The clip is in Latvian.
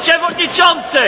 Przewodniczący!